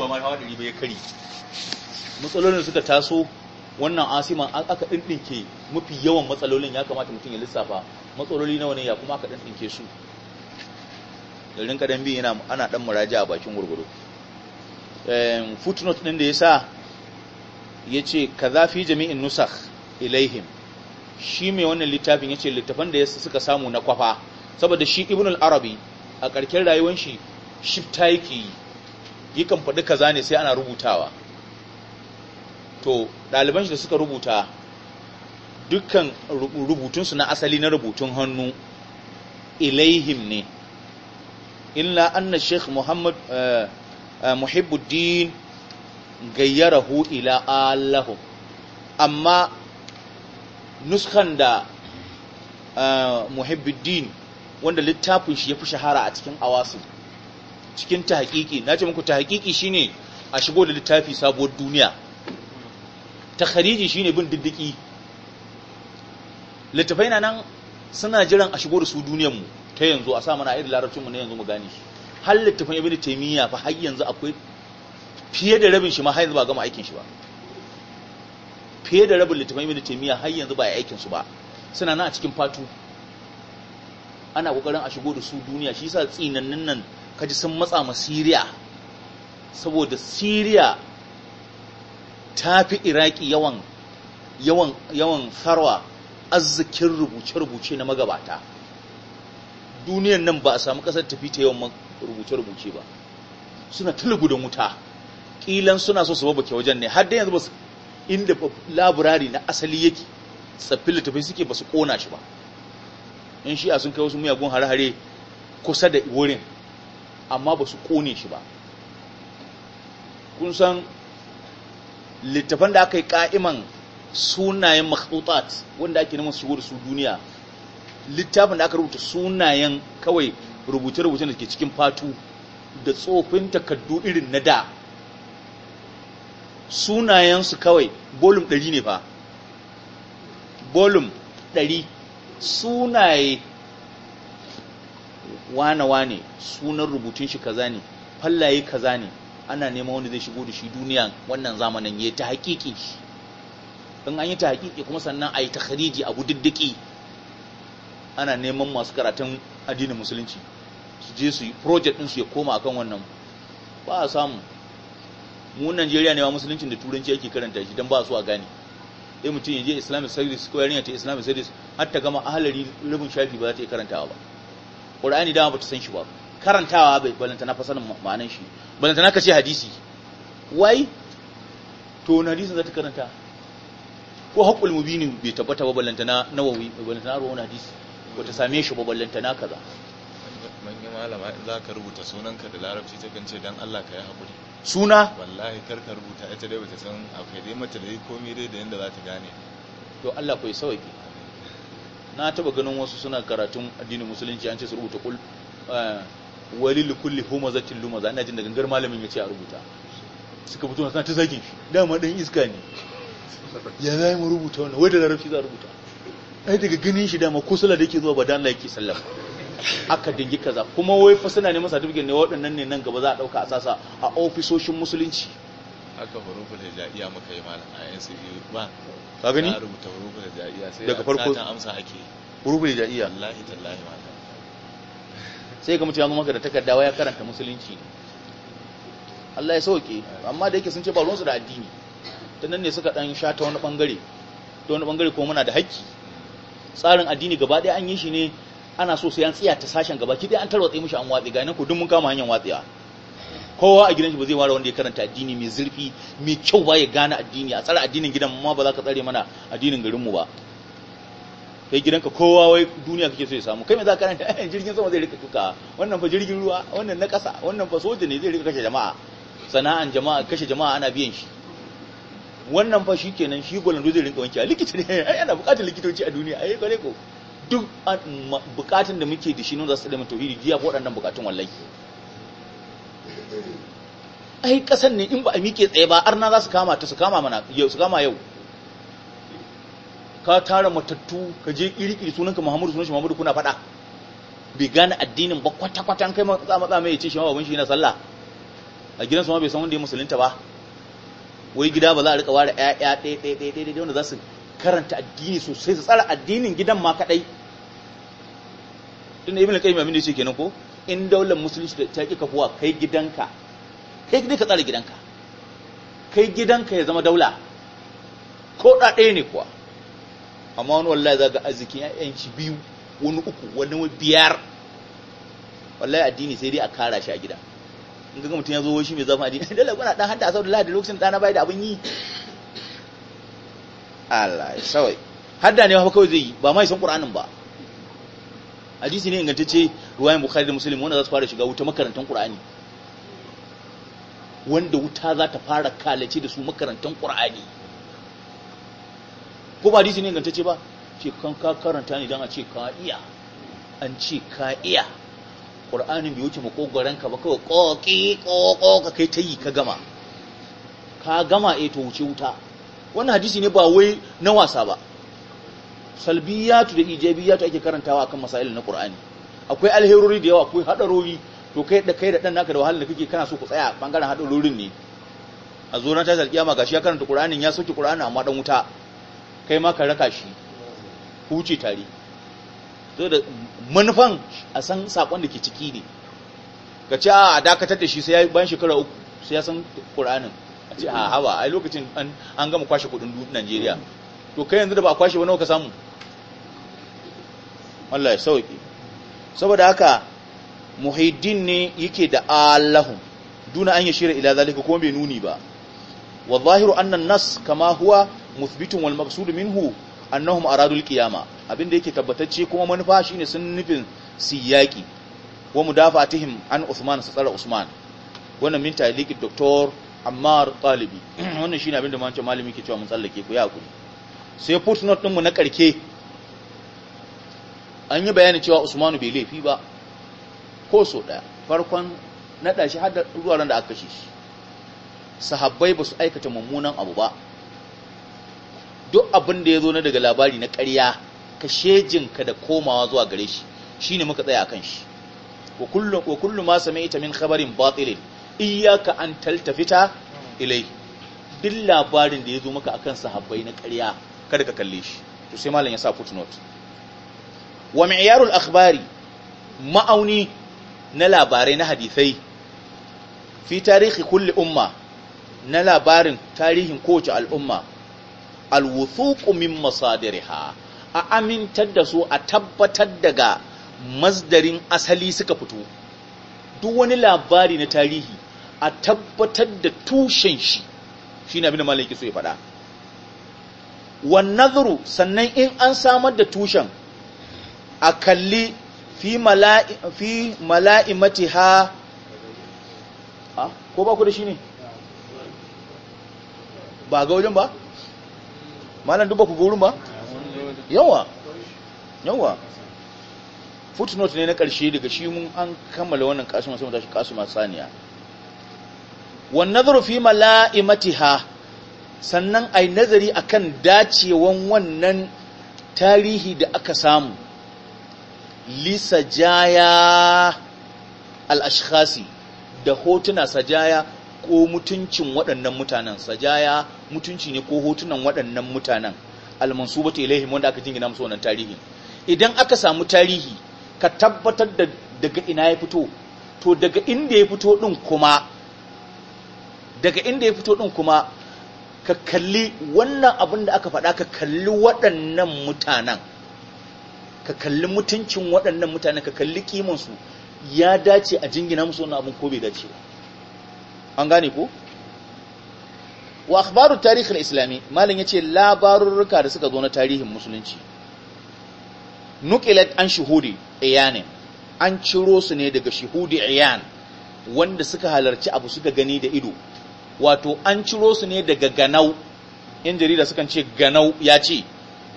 ba ma hawa ɗari ba ya kari matsalolin suka taso wannan asiman aka ɗinɗinke mafi yawan matsalolin ya kamata mutum ya lissafa matsaloli nawa ne ya kuma aka ɗinɗinke su da rinka biyu yana ana ɗan muraja a bakin gurguru footnote ɗin da ya sa ya ce ka zafi jami'in nusar ilaihim shi mai wannan littafin ya ce littafan da suka samu na kwafa saboda shi ibn al-arabi a ƙarƙin rayuwar shi shifta yake yi yakan faɗi kaza ne sai ana rubutawa to ɗaliban shi da suka rubuta dukkan rubutunsu na asali na rubutun hannu ilaihim ne illa anna sheikh muhammad eh, eh, muhibbuddin gayyarahu ila allahu amma nuskan da eh, muhibbuddin wanda littafin shi ya fi shahara a cikin awasu cikin haƙiƙi na ce muku shi ne a shigo da littafi sabuwar duniya shi ne bin diddiki littafai na nan suna jiran a shigo da su duniyanmu ta yanzu a sa mana irin larabcin na yanzu mu gane shi har littafin ibnu taimiyya fa har yanzu akwai fiye da rabin shi ma har yanzu ba gama aikin shi ba fiye da rabin littafin ibnu taimiyya har yanzu ba aikin su ba suna nan a cikin fatu ana kokarin a shigo da su duniya shi yasa tsinannin nan kaji sun matsa ma siriya saboda siriya ta fi iraki yawan yawan yawan farwa arzikin rubuce-rubuce na magabata duniyan nan ba a samu kasar tafi ta yawan rubuce-rubuce ba suna tulubu da wuta ƙilan suna so su babbake wajen ne har da yanzu basu, inda laburari na asali yake tsaffin littafin suke basu su ƙona shi ba in shi'a sun kai wasu miyagun hare-hare kusa da wurin amma ba su ƙone shi ba kun san littafan da aka yi ƙa'iman sunayen makhutat wanda ake neman shigo da su duniya littafin da aka rubuta sunayen kawai rubuce rubuce da ke cikin fatu da tsofin takardu irin na da sunayensu kawai bolum ɗari ne fa bolum ɗari sunaye wane wane sunan rubutun shi kaza ne fallaye kaza ne ana neman wanda zai shigo da shi duniya wannan zamanin ya ta haƙiƙi shi in an yi ta haƙiƙi kuma sannan a yi ta khariji abu diddiki ana neman masu karatun addinin musulunci su je su yi project ɗinsu ya koma akan wannan ba a samu mu Najeriya ne wa musulunci da turanci yake karanta shi don ba su a gane sai mutum ya je islamic service ko yarinya ta islamic service har ta gama ahalari rubin shafi ba za ta iya karantawa ba qur'ani dama bata san shi ba karantawa bai balanta na fasalin ma'anan shi balanta na kace hadisi wai to na hadisin za ta karanta ko haqqul mubini bai tabbata ba balanta na nawawi balanta na ruwan hadisi ko ta same shi ba balanta na kaza yi malama in za ka rubuta sunanka da larabci ta kance dan don Allah ka yi haƙuri suna wallahi kar ka rubuta ita dai bata san akwai dai mata dai komai dai da yanda za ta gane to Allah ko ya sauke na taba ganin wasu suna karatun addinin musulunci an ce su rubuta kul eh, walil kulli humazatin lumaza ina jin da gangar malamin ya ce a rubuta suka fito na ta zagin shi dama dan iska ne ya zai mu rubuta wannan wai da larabci za rubuta ai daga ganin shi dama ko sallah da yake zuwa ba da Allah yake sallah aka dingi kaza kuma wai fa suna neman certificate ne waɗannan ne nan gaba za a ɗauka a sasa a ofisoshin musulunci haka huruful hijaiya muka yi malam a NCE ba ka gani rubuta hijaiya sai daga farko ta amsa ake huruful hijaiya wallahi tallahi malam sai ka mutu ya maka da takarda ya karanta musulunci ne Allah ya sauke amma da yake sun ce ba ruwansu da addini ta nan ne suka dan sha ta wani bangare ta wani bangare kuma muna da haƙƙi tsarin addini gaba ɗaya an yi shi ne ana so sai an tsiya ta sashen gaba ki ɗaya an tarwatsa mishi an watsi ga nan ku duk mun kama hanyar watsiya kowa a gidan shi ba zai ware wanda ya karanta addini mai zurfi mai kyau ba ya gane addini a tsara addinin gidan ma ba za ka tsare mana addinin garin mu ba kai ka kowa wai duniya kake so ya samu kai me za ka karanta jirgin sama zai rika tuka wannan fa jirgin ruwa wannan na ƙasa wannan fa soja ne zai rika kashe jama'a sana'an jama'a kashe jama'a ana biyan shi wannan fa shikenan shi gwalan zai rinka wanke likita ne ai ana bukatar likitoci a duniya ai kare ko duk bukatun da muke da shi ne za su da mu tauhidi giya waɗannan bukatun wallahi ai kasan ne in ba a miƙe tsaye ba arna za su kama ta su kama mana yau su kama yau ka tara matattu ka je kirkiri sunanka Muhammadu sunan shi Muhammadu kuna faɗa bai gane addinin ba kwata kwata an kai matsa matsa mai ce shi ma baban shi yana sallah a gidan su ma bai san wanda ya musulunta ba wai gida ba za a rika ware ƴaƴa ɗaya ɗaya ɗaya ɗaya wanda za su karanta addini sosai su tsara addinin gidan ma kaɗai tun ibn al-qayyim abin da yake kenan ko in daular musulunci ta ƙi kafuwa kai gidanka kai gidanka tsara gidanka kai gidanka ya zama daula ko da ɗaya ne kuwa amma wani wallahi za ga arzikin yanci biyu wani uku wani biyar wallahi addini sai dai a kara shi a gida in ga mutum ya zo shi mai zafin addini dole kuna ɗan hada a da lahadi lokacin ɗana bai da abin yi Allah ya sawai hadda ne ma kawai zai yi ba mai san Qur'anin ba hadisi ne ingantacce ruwayan bukhari da muslim wanda za su fara shiga wuta makarantan qur'ani wanda wuta za ta fara kalace da su makarantan qur'ani ko ba hadisi ne ingantacce ba ce kan ka karanta ne dan a ce ka iya an ce ka iya qur'anin bai wuce makogoran ka ba kawai koki koko ka kai ta yi ka gama ka gama eh to wuce wuta wannan hadisi ne ba wai na wasa ba salbiyatu da ijabiyatu ake karantawa akan masail na qur'ani akwai alherori da yawa akwai hadarori to kai da kai da dan naka da wahalar da kake kana so ku tsaya bangaren hadarorin ne a zo ran tashar kiyama gashi ya karanta qur'anin ya soki qur'ani amma dan wuta kai ma ka raka shi huce tare to da manufan a san sakon da ke ciki ne ka ce a dakatar da shi sai ya bayan shekara uku sai ya san qur'anin a ce a hawa ai lokacin an gama kwashe kudin Najeriya to kai yanzu da ba kwashe ba nawa ka samu Allah ya sauki saboda haka muhiddin ne yake da allahu duna an yashira ila zalika kuma bai nuni ba wa zahiru anna nas kama huwa muthbitun wal maqsud minhu annahum aradu al qiyama abinda yake tabbatacce kuma manufa shine sun nufin siyaki wa mudafatihim an Usman sa tsara Usman wannan min taliki Dr. Ammar Talibi wannan shine abinda mun ce malami ke cewa mun tsallake ku ya ku sai footnote din mu na karke an yi bayani cewa usmanu bai laifi ba ko so ɗaya farkon naɗa shi har da ruwaran da aka shi sahabbai ba su aikata mummunan abu ba duk abin da ya zo na daga labari na ƙarya ka da komawa zuwa gare shi shi ne muka tsaya kan shi wa kullum ma same ma min khabarin batilin Iyaka an taltafita ilai duk labarin da ya zo maka akan sahabbai na ƙarya kada ka kalle shi to sai malam ya sa footnote wa mi'yarul akhbari ma'auni na labarai na hadisai fi tarihi kulli umma na labarin tarihin kowace al'umma alwuthuqu min masadiriha a amintar da su a tabbatar daga masdarin asali suka fito duk wani labari na tarihi a tabbatar da tushen shi shine abin da malaki so ya faɗa wan nazaru sannan in an samar da tushen a kalli fi mala'imati ha ko ba ku da shi ne ba ga wajen ba malan duba ku gurin ba yawa yawa footnote ne na ƙarshe daga shi mun an kammala wannan kasu masu matashi kasu masu saniya wannan zarufi mala'imati ha sannan a yi nazari akan dacewan wannan tarihi da aka samu lisa jaya da hotuna sajaya ko mutuncin waɗannan mutanen sajaya mutunci ne ko hotunan waɗannan mutanen almansubatu ilaihim wanda aka jingina musu wannan tarihi idan aka samu tarihi ka tabbatar da daga ina ya fito to daga inda ya fito din kuma daga inda ya fito ɗin kuma ka kalli wannan abin da aka faɗa ka kalli waɗannan mutanen ka kalli mutuncin waɗannan mutane ka kalli kimansu ya dace a jingina musu wani abin ko dace ba an gane ko wa akhbaru tarihin islami malam ce labarurruka da suka zo na tarihin musulunci nukilat an shuhudi iyanin an ciro su ne daga shuhudi iyan wanda suka halarci abu suka gani da ido wato an ciro su ne daga ganau in jarida sukan ce ganau ya ce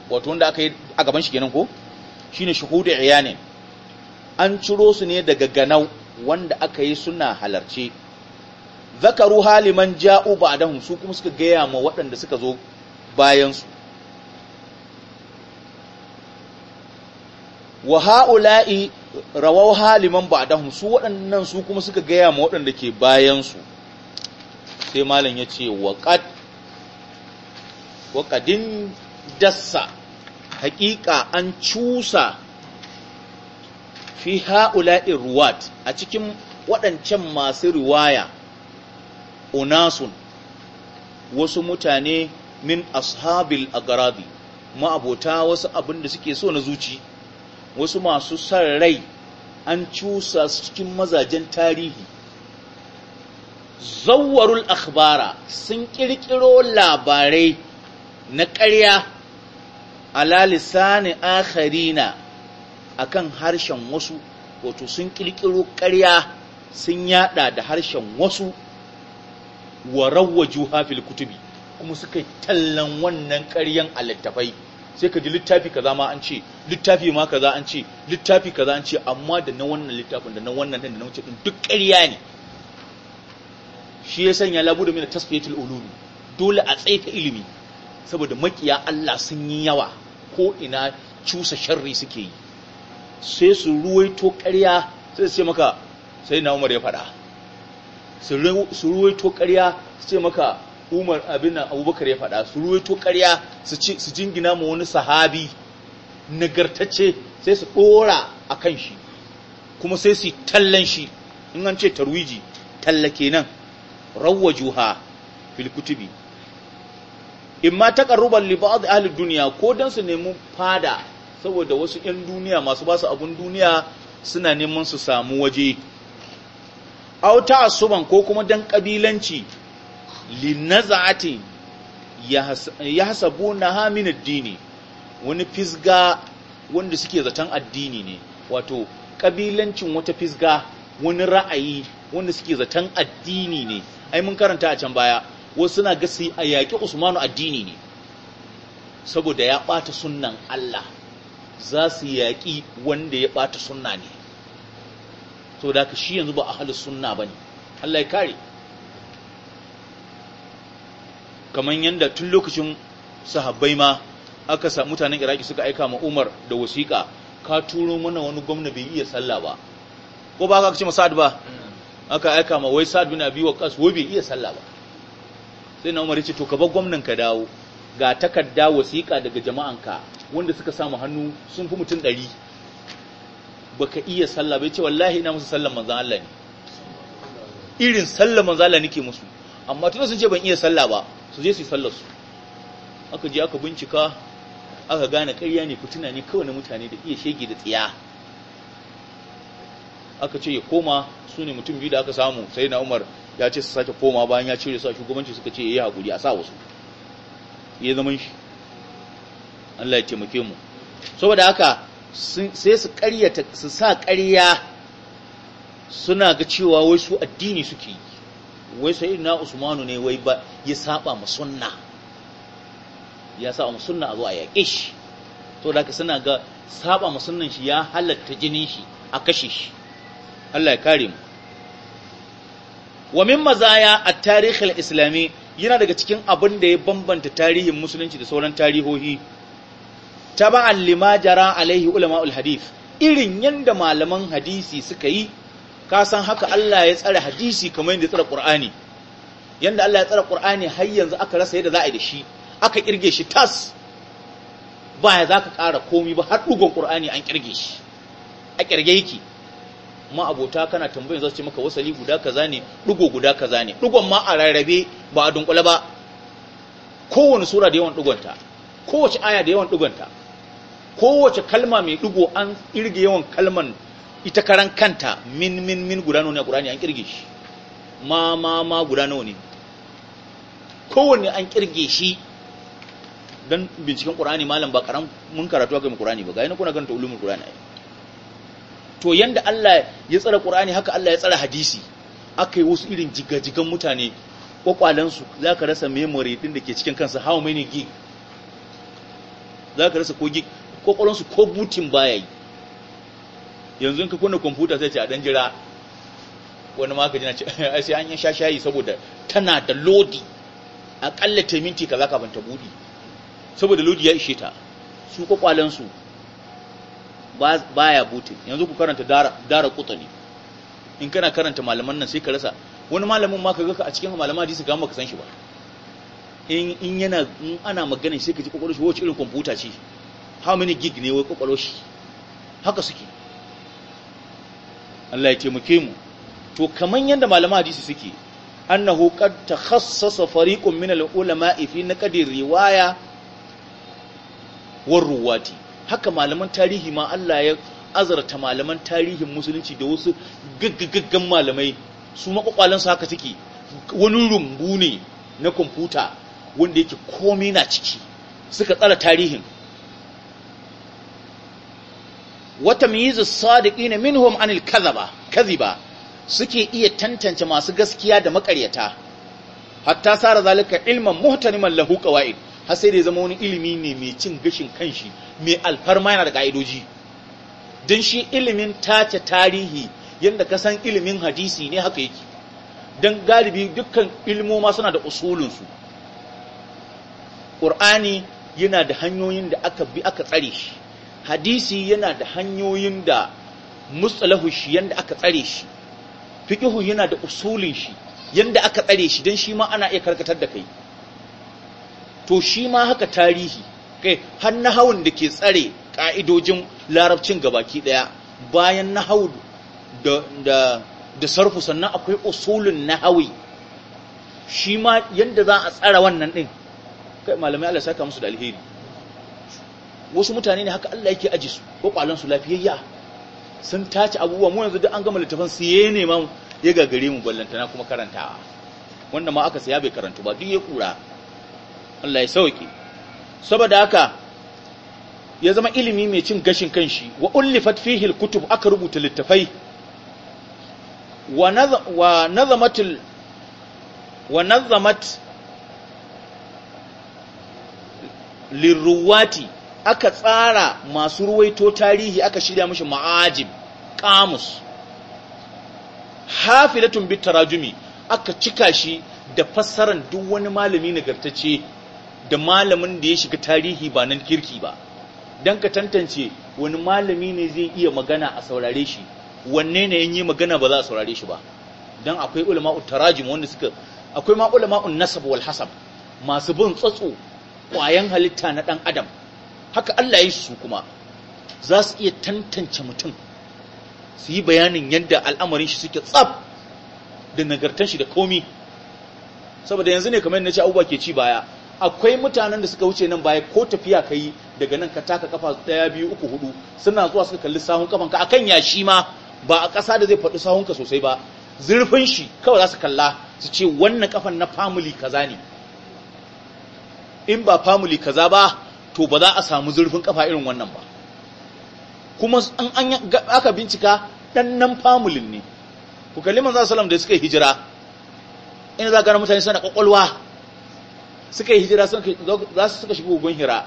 wato wanda aka yi a gaban shi kenan ko shine shuhudu iyanin an ciro su ne daga ganau wanda aka yi suna halarce zakaru haliman ja'u ba'dahum su kuma suka gaya ma waɗanda suka zo bayan su wa ha'ula'i rawau haliman ba'dahum su waɗannan su kuma suka gaya ma waɗanda ke bayan su sai malam ya ce wa dassa haƙiƙa an cusa fi ha'ula'in ruwat a cikin waɗancan masu riwaya unasun wasu mutane min ashabil agaradi ma'abota wasu abin da suke so na zuci wasu masu san rai an cusa su cikin mazajen tarihi zawwarul akhbara sun kirkiro labarai na ƙarya ala lisani akharina akan harshen wasu wato sun kirkiro ƙarya sun yada da harshen wasu wa rawwaju hafil kutubi kuma suka tallan wannan ƙaryan a littafai sai ka ji littafi kaza ma an ce littafi ma kaza an ce littafi kaza an ce amma da na wannan littafin da na wannan da na wancan duk ƙarya ne shi ya sanya labu da mina tasfiyatul ulumi dole a tsaika ilimi saboda makiya Allah sun yi yawa ko ina cusa sharri suke yi sai su ruwaito ƙarya sai su ce maka sai na umar ya faɗa su ruwaito ƙarya su ce maka umar abin abubakar ya faɗa su ruwaito ƙarya su jingina ma wani sahabi nagartacce sai su ɗora a kan shi kuma sai su tallan shi in an ce tarwiji tallake nan rawwajuha juha filkutubi in ma taqarruban li ba'd ahli dunya ko dan su nemi fada saboda wasu 'yan duniya masu basu abun duniya suna neman su samu waje aw ta'assuban ko kuma dan kabilanci li naz'ati yahsabunaha min ad-dini wani fisga wanda suke zaton addini ne wato kabilancin wata fisga wani ra'ayi wanda suke zaton addini ne ai mun karanta a can baya wasu suna ga a yaƙi usmanu addini ne saboda ya ɓata sunnan Allah za su yaƙi wanda ya ɓata sunna ne to da ka shi yanzu ba a halin sunna ba ne Allah ya kare kamar yadda tun lokacin sahabbai ma aka sa mutanen iraki suka aika ma umar da wasiƙa ka turo mana wani gwamna bai iya sallah ba ko ba ka ce ma sa'ad ba mm. aka aika ma wai sa'ad bin abi ƙas wai bai iya sallah ba sai na umar ce to ka bar gwamnan ka dawo ga takarda wasiƙa daga jama'an ka wanda suka samu hannu sun fi mutum ɗari baka iya sallah bai ce wallahi ina musu sallan manzan Allah ne irin sallan manzan Allah nake musu amma tun sun ce ban iya sallah ba su je su yi sallar su aka je aka bincika aka gane ƙarya ne fitina ne kawai na mutane da iya shege da tsiya aka ce ya koma su ne mutum biyu da aka samu sai na umar ya ce su sake koma bayan ya cire su a shugabanci suka ce yayi hakuri a sa wasu ya zaman shi Allah ya taimake mu saboda haka sai su ƙaryata su sa ƙarya suna ga cewa wai su addini suke yi wai sai na Usmanu ne wai ba ya saba ma sunna ya saba ma sunna a zo a yaƙe shi to da haka suna ga saba ma sunnan shi ya halatta jinin shi a kashe shi Allah ya kare mu wa min mazaya a tarihin islami yana daga cikin abin da ya bambanta tarihin musulunci da sauran tarihohi Ta taba'an lima jara alaihi ulama'ul ulhadif irin yadda malaman hadisi suka yi kasan haka Allah ya tsare hadisi kamar yadda ya tsare ƙur'ani Yadda Allah ya tsare ƙur'ani har yanzu aka rasa yadda za a yi da shi aka ƙirge shi tas baya za ka ƙara komi ba har ɗugon ƙur'ani an ƙirge shi a kirge yake abota kana tambayin za su ce maka wasali guda kaza ne dugo guda kaza ne Dugon ma a rarrabe ba a dunkule ba kowane sura da yawan dugonta, kowace aya da yawan dugonta, kowace kalma mai dugo an kirge yawan kalman ita karan kanta min min min guda nawa ne a ƙur'ani an kirge shi ma ma ma guda nawa ne kowanne an kirge shi don binciken ƙur'ani malam ba karan mun karatu ga mai ƙur'ani ba ga ina kuna ganta ulumul ƙur'ani to yanda Allah ya tsara Qur'ani haka Allah ya tsara hadisi aka yi wasu irin jigajigan mutane kwakwalansu za ka rasa memory din da ke cikin kansa how many gig za ka rasa ko gig kwakwalansu ko butin baya yi yanzu ka kunna kwamfuta sai ce a ɗan jira wani maka jina ce sai an yi shashayi saboda tana da lodi A ƙalla ta minti za ka banta budi saboda lodi ya ishe ta su kwakwalansu baya butin yanzu ku karanta dara dara in kana karanta malaman nan sai ka rasa wani malamin ma kaga gaka a cikin malaman hadisi ga maka san shi ba in yana ana magana sai ka ji kwakwalo shi wace irin kwamfuta ce how many gig ne wai kwakwalo shi haka suke Allah ya taimake mu to kaman yanda malaman hadisi suke annahu qad takhassasa fariqun min al-ulama'i fi naqdi riwaya war ruwati haka malaman tarihi ma Allah ya azarta malaman tarihin musulunci da wasu gaggagaggan malamai su makwakwalansu haka suke wani rumbu ne na kwamfuta wanda yake komai na ciki suka tsara tarihin wata miyizu sadiki na minhum anil kaziba suke iya tantance masu gaskiya da makaryata hatta sara zalika ilman muhtaniman lahu wa'id, har sai da zama wani ilimi ne mai cin gashin kanshi mai alfarma yana da ƙa'idoji? don shi ilimin tace tarihi yadda ka san ilimin hadisi ne haka yake don galibi dukkan ilmoma suna da usulunsu ƙur'ani yana da hanyoyin da aka bi aka tsare shi hadisi yana da hanyoyin da mustalahu shi yadda aka tsare shi fiƙihu yana da usulin shi yadda aka tsare shi don shi ma ana iya karkatar da kai to shi ma haka tarihi kai har nahawun da ke tsare ƙa'idojin larabcin gabaki ɗaya bayan nahawu da sarfu sannan akwai usulun nahawi shi ma yanda za a tsara wannan ɗin? kai malamai Allah saka musu da alheri wasu mutane ne haka Allah yake aji su kwakwalan su lafiyayya sun tace abubuwa mu yanzu duk an gama littafin su ye ne ma ya gagare mu ballantana kuma karantawa wanda ma aka saya bai karantu ba duk ya kura Allah ya sauke saboda haka ya zama ilimi mai cin gashin kanshi wa ullifat fihi alkutub aka rubuta littafai wa nazamat wa nazamat lirruwati aka tsara masu ruwaito tarihi aka shirya mashi ma'ajib kamus hafilatun bitarajumi aka cika shi da fassaran duk wani malami nagartacce da malamin da ya shiga tarihi ba nan kirki ba don ka tantance wani malami ne zai iya magana a saurare shi wanne ne yin magana ba za a saurare shi ba don akwai ulama'u tarajim wanda suka akwai ma ulama'un nasab wal hasab masu bin tsatso ƙwayan halitta na ɗan adam haka Allah ya yi su kuma za su iya tantance mutum su yi bayanin yadda al'amarin shi suke tsaf, da nagartan shi da komi saboda yanzu ne kamar na ce abubuwa ke ci baya akwai mutanen da suka wuce nan baya ko tafiya ka yi daga nan ka taka kafa ɗaya biyu uku hudu suna zuwa suka kalli sahun kafan ka akan yashi ma ba a ƙasa da zai faɗi sahun ka sosai ba zurfin shi kawai za su kalla su ce wannan kafan na family kaza ne in ba family kaza ba to ba za a samu zurfin kafa irin wannan ba kuma an aka bincika dan nan family ne ku kalli manzo sallallahu alaihi wasallam da suka hijira in za ga mutane suna kwakwalwa suka yi hijira za su suka shiga ugun hira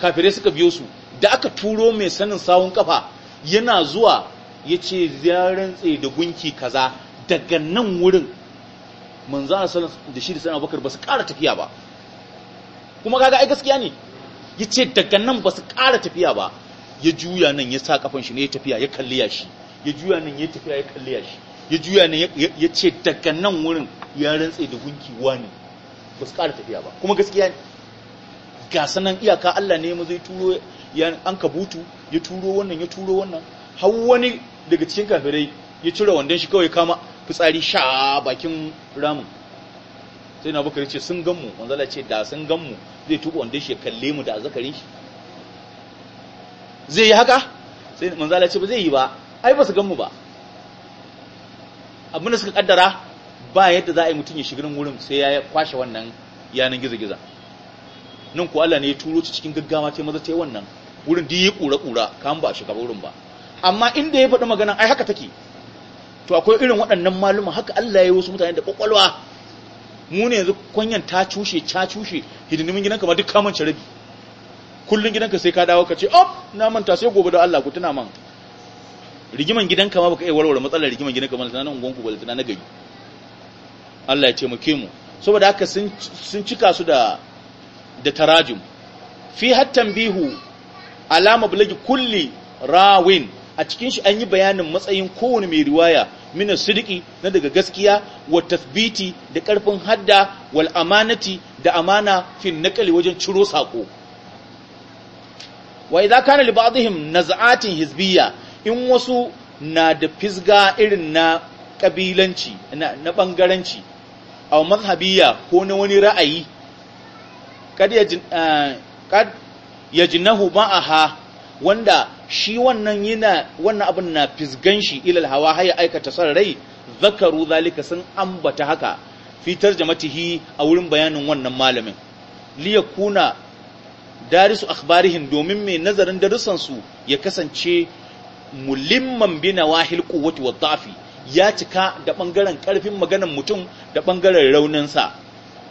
kafirai suka biyo su da aka turo mai sanin sawun kafa yana zuwa ya ce tsaye da gunki kaza daga nan wurin a sanar da shi da sanar bakar ba su kara tafiya ba kuma kaga ai gaskiya ne ya ce daga nan ba su kara tafiya ba ya juya nan ya sa kafan shi ne ya tafiya ya kalli ya shi ya juya nan ya tafiya ya kalli ya shi ya juya nan ya ce daga nan wurin ya rantse da gunki wani ba su ƙara tafiya ba kuma gaskiya ne ga sanan iyaka Allah ne zai turo an ka butu ya turo wannan ya turo wannan hau wani daga cikin kafirai ya cire wandon shi kawai kama fitsari sha bakin ramin sai na bakar ce sun ganmu wanzala ce da sun ganmu zai tuba wandon shi ya kalle mu da azzakarin shi zai yi haka sai manzala ce ba zai yi ba ai ba su ganmu ba abinda suka kaddara ba yadda za a yi mutum ya shiga wurin sai ya kwashe wannan yanan giza-giza nan ku Allah ne ya turo ci cikin gaggawa ce maza ce wannan wurin da ya kura-kura kan ba a shiga wurin ba amma inda ya faɗi magana ai haka take to akwai irin waɗannan maluma haka Allah ya yi wasu mutane da ƙwaƙwalwa mu ne yanzu kwanyan ta cushe ca cushe hidindimin gidan ma duk kamance rabi kullun gidanka sai ka dawo ka ce op na manta sai gobe da Allah ku tuna man rigiman gidanka ma baka iya warware matsalar rigiman gidanka ma sanan ungon ku ba na gari Allah ya ce mu mu saboda haka sun cika su da da tarajum fi hattan bihu alama bulagi kulli rawin a cikin shi an yi bayanin matsayin kowane mai riwaya min sidiki na daga gaskiya wa tathbiti da karfin hadda wal amanati da amana fi nakali wajen ciro sako wa idza kana li ba'dihim naz'atin hizbiyya in wasu na da fisga irin na kabilanci na bangaranci aw mazhabiyya ko na wani ra'ayi eh, kad yajnahu ma'aha wanda shi wannan yana wannan abin na fisgan shi ilal hawa haya aikata san rai zakaru zalika sun ambata haka fi tarjamatihi a wurin bayanin wannan malamin liyakuna darisu akhbarihim domin mai nazarin darussan su ya kasance mulimman bina wahil quwwati wa dhafi ya cika da ɓangaren ƙarfin maganan mutum da ɓangaren rauninsa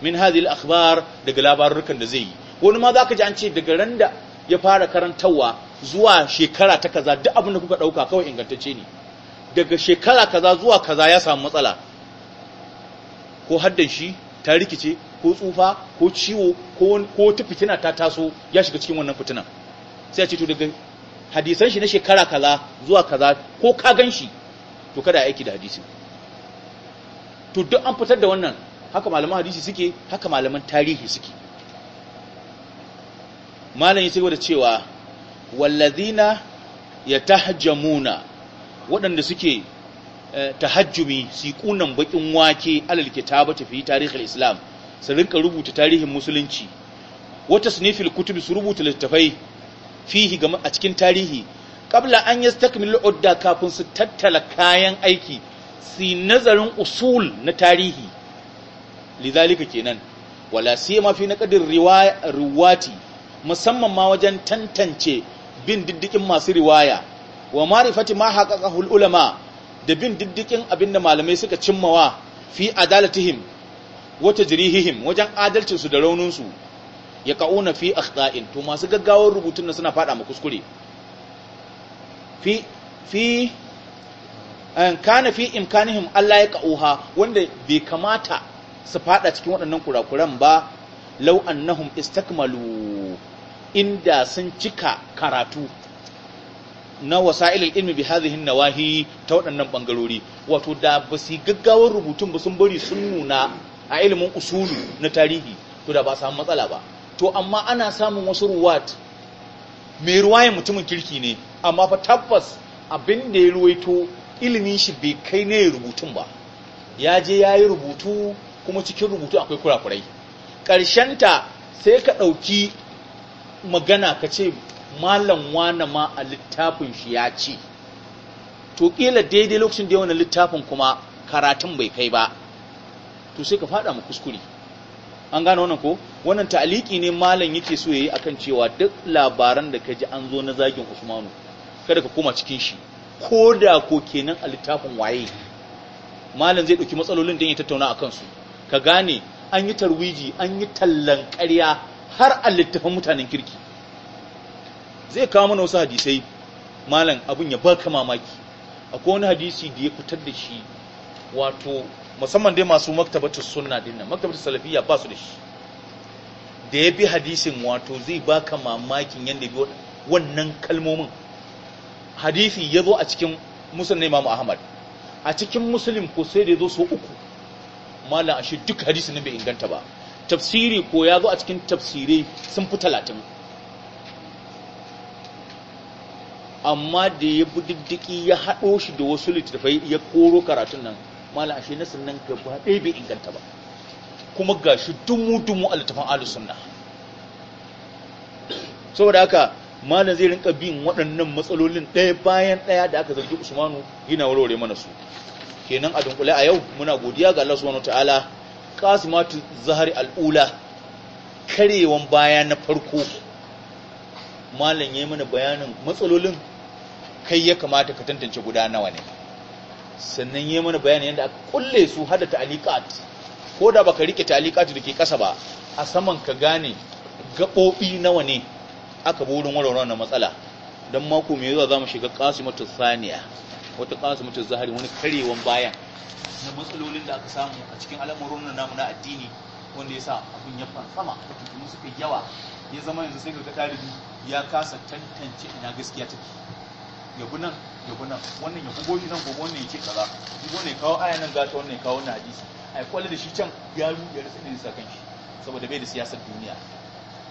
min hazil akhbar daga labarurkan da zai yi wani ma za ka ji an ce daga ran da ya fara karantarwa zuwa shekara ta kaza duk abin da kuka ɗauka kawai ingantacce ne daga shekara kaza zuwa kaza ya samu matsala ko haddan shi ta rikice ko tsufa ko ciwo ko ta fitina ta taso ya shiga cikin wannan fitina sai a ce to daga hadisan shi na shekara kaza zuwa kaza ko ka gan shi to kada aiki da hadisi to duk an fitar da wannan haka malaman hadisi suke haka malaman tarihi suke malamin sai da cewa wallazina yatahjamuna waɗanda suke eh, tahajjumi su kunan bakin wake alal ta fi tarihi islam su rinka rubuta tarihin musulunci wata sunifil kutubi su rubuta littafai fihi a cikin tarihi kabla an yastakmilu udda kafin su tattala kayan aiki si nazarin usul na tarihi lidhalika kenan wala siyama fi naqdir riwati musamman ma wajen tantance bin diddikin masu riwaya wa ma'rifati ma haqaqahu ulama da bin diddikin abinda malamai suka cimmawa fi adalatihim wa tajrihihim wajen su da rauninsu ya yaqauna fi akhta'in to masu gaggawar rubutun suna fada mu kuskure fi fi kana fi imkanihim Allah ya ka'uha wanda bai kamata su fada cikin waɗannan kurakuran ba law annahum istakmalu inda sun cika karatu na wasa'ilil ilmi bi hadhihi nawahi ta waɗannan bangarori wato da ba su gaggawar rubutun ba sun bari sun nuna a ilimin usulu na tarihi to da ba samu matsala ba to amma ana samun wasu ruwat mai ruwayan mutumin kirki ne amma fa tabbas abin da ya ruwaito ilimin shi bai kai ne ya rubutun ba ya je ya yi rubutu kuma cikin rubutu akwai kurakurai ƙarshenta sai ka ɗauki magana ka ce malam wane ma a littafin shi ya ce to ƙila daidai lokacin da yawan littafin kuma karatun bai kai ba to sai ka faɗa mu kuskure an gane wannan ko wannan ta'aliki ne malam yake so yayi akan cewa duk labaran da ka kaji an zo na zagin Usmanu kada ka koma cikin shi koda da ko kenan a littafin waye malam zai dauki matsalolin da ya tattauna akan su ka gane an yi tarwiji an yi tallan ƙarya har a mutanen kirki zai kawo mana wasu hadisai malam abin ya baka mamaki akwai wani hadisi da ya fitar da shi wato musamman dai masu maktabatu sunna din nan maktabatu salafiyya ba su da shi da ya bi hadisin wato zai baka mamakin yadda bi wannan kalmomin hadisi ya zo a cikin musulun na imamu ahmad a cikin musulun ko sai da ya zo so uku malam ashe duk hadisi nan bai inganta ba tafsiri ko ya zo a cikin tafsirai sun fi talatin amma da ya bi diddiki ya haɗo shi da wasu littattafai ya koro karatun nan mala ashe nasin nan gaba ɗaya bai inganta ba kuma ga shi dumu dumu a littafin alu sunna saboda haka malam zai rinka bin waɗannan matsalolin ɗaya bayan ɗaya da aka zargi usmanu yana warware mana su kenan a dunkule a yau muna godiya ga Allah subhanahu wataala qasimatu zahari al'ula karewan baya na farko malam yayi mana bayanin matsalolin kai ya kamata ka tantance guda nawa ne sannan yi mana bayanin yadda aka kulle su hada ta'aliqat ko da baka rike ta'aliqat da ke kasa ba a saman ka gane gaɓoɓi nawa ne aka burin warware na matsala don mako mai zuwa za mu shiga mata saniya wata kasu mata zahari wani karewan bayan na matsalolin da aka samu a cikin al'amuran namu na addini wanda ya sa abin ya fansama kuma suka yawa ya zama yanzu sai ka ga ɗalibi ya kasa tantance ina gaskiya take ya nan ya nan wannan ya goyi nan gobe wannan ya ce kaza shi wannan ya kawo aya nan gata wannan ya kawo wannan hadisi a yi kwallo da shi can ya ruɗe rasa ne sa kan shi saboda bai da siyasar duniya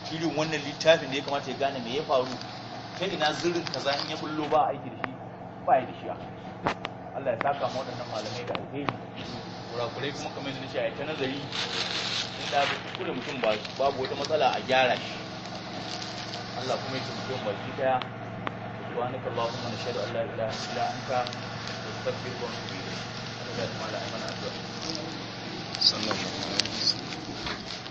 shirin wannan littafin da ya kamata ya gane me ya faru ta ina zirin kaza in ya bullo ba aiki da shi ba ya da shi Allah ya saka ma waɗannan malamai da alheri kurakurai kuma kamar yadda nace a ta nazari in da kula mutum babu wata matsala a gyara shi Allah kuma ya tumke mu baki daya اخوانك اللهم نشهد ان لا اله الا انت نستغفرك ونتوب اليك اللهم لا علم صلى الله عليه وسلم